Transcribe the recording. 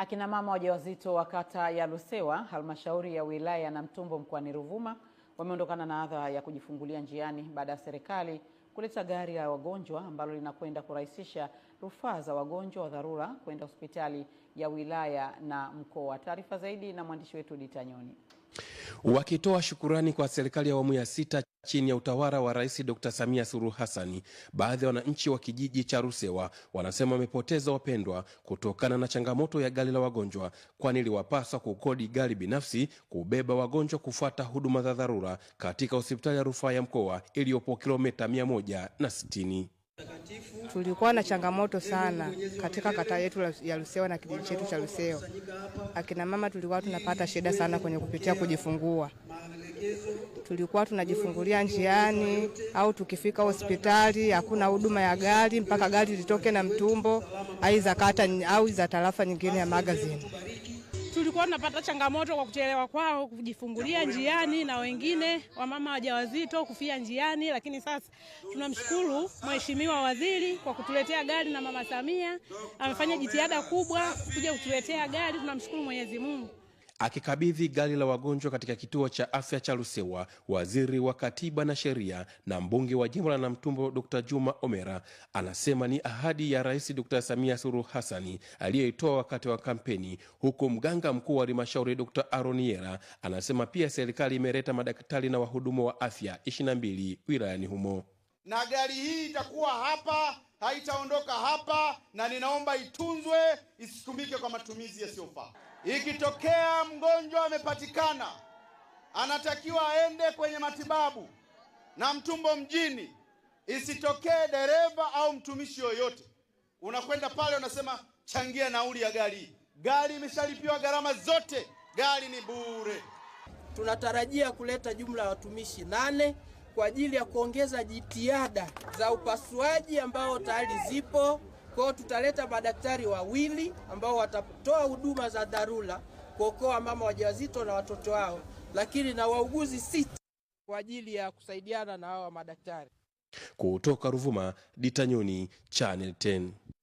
Akina mama wajawazito wa kata ya Lusewa halmashauri ya wilaya ya Namtumbo mkoani Ruvuma wameondokana na adha ya kujifungulia njiani baada ya serikali kuleta gari la wagonjwa ambalo linakwenda kurahisisha rufaa za wagonjwa wa dharura kwenda hospitali ya wilaya na mkoa. Taarifa zaidi na mwandishi wetu Dita Nyoni. Wakitoa shukurani kwa serikali ya awamu ya sita chini ya utawala wa Rais d Samia Suluhu Hassan, baadhi ya wananchi wa kijiji cha Rusewa wanasema wamepoteza wapendwa kutokana na changamoto ya gari la wagonjwa, kwani iliwapaswa kukodi gari binafsi kubeba wagonjwa kufuata huduma za dharura katika hospitali ya rufaa ya mkoa iliyopo kilomita 160. Tulikuwa na changamoto sana katika kata yetu ya Lusewa na kijiji chetu cha Lusewa. Akina mama tulikuwa tunapata shida sana kwenye kupitia kujifungua. Tulikuwa tunajifungulia njiani au tukifika hospitali hakuna huduma ya gari mpaka gari litoke na mtumbo, ai kata au za tarafa nyingine ya magazini tulikuwa tunapata changamoto kwa kuchelewa kwao kujifungulia njiani na wengine wamama wajawazito kufia njiani, lakini sasa tunamshukuru Mheshimiwa Waziri kwa kutuletea gari na Mama Samia amefanya jitihada kubwa kuja kutuletea gari, tunamshukuru Mwenyezi Mungu. Akikabidhi gari la wagonjwa katika kituo cha afya cha Lusewa, waziri wa katiba na sheria na mbunge wa jimbo la Namtumbo Dr Juma Omera anasema ni ahadi ya Rais Dr Samia Suluhu Hassani aliyoitoa wakati wa kampeni, huku mganga mkuu wa halmashauri Dr Aroniera anasema pia serikali imeleta madaktari na wahudumu wa afya 22 wilayani humo. Na gari hii itakuwa hapa, haitaondoka hapa, na ninaomba itunzwe, isitumike kwa matumizi yasiyofaa. Ikitokea mgonjwa amepatikana, anatakiwa aende kwenye matibabu na Mtumbo mjini. Isitokee dereva au mtumishi yoyote unakwenda pale unasema changia nauli ya gari hii, gari imeshalipiwa gharama zote, gari ni bure. Tunatarajia kuleta jumla ya watumishi nane kwa ajili ya kuongeza jitihada za upasuaji ambao tayari zipo. Kwa hiyo tutaleta madaktari wawili ambao watatoa huduma za dharura kuokoa mama wajawazito na watoto wao, lakini na wauguzi sita kwa ajili ya kusaidiana na hawa madaktari. Kutoka Ruvuma, Ditanyoni, Channel 10.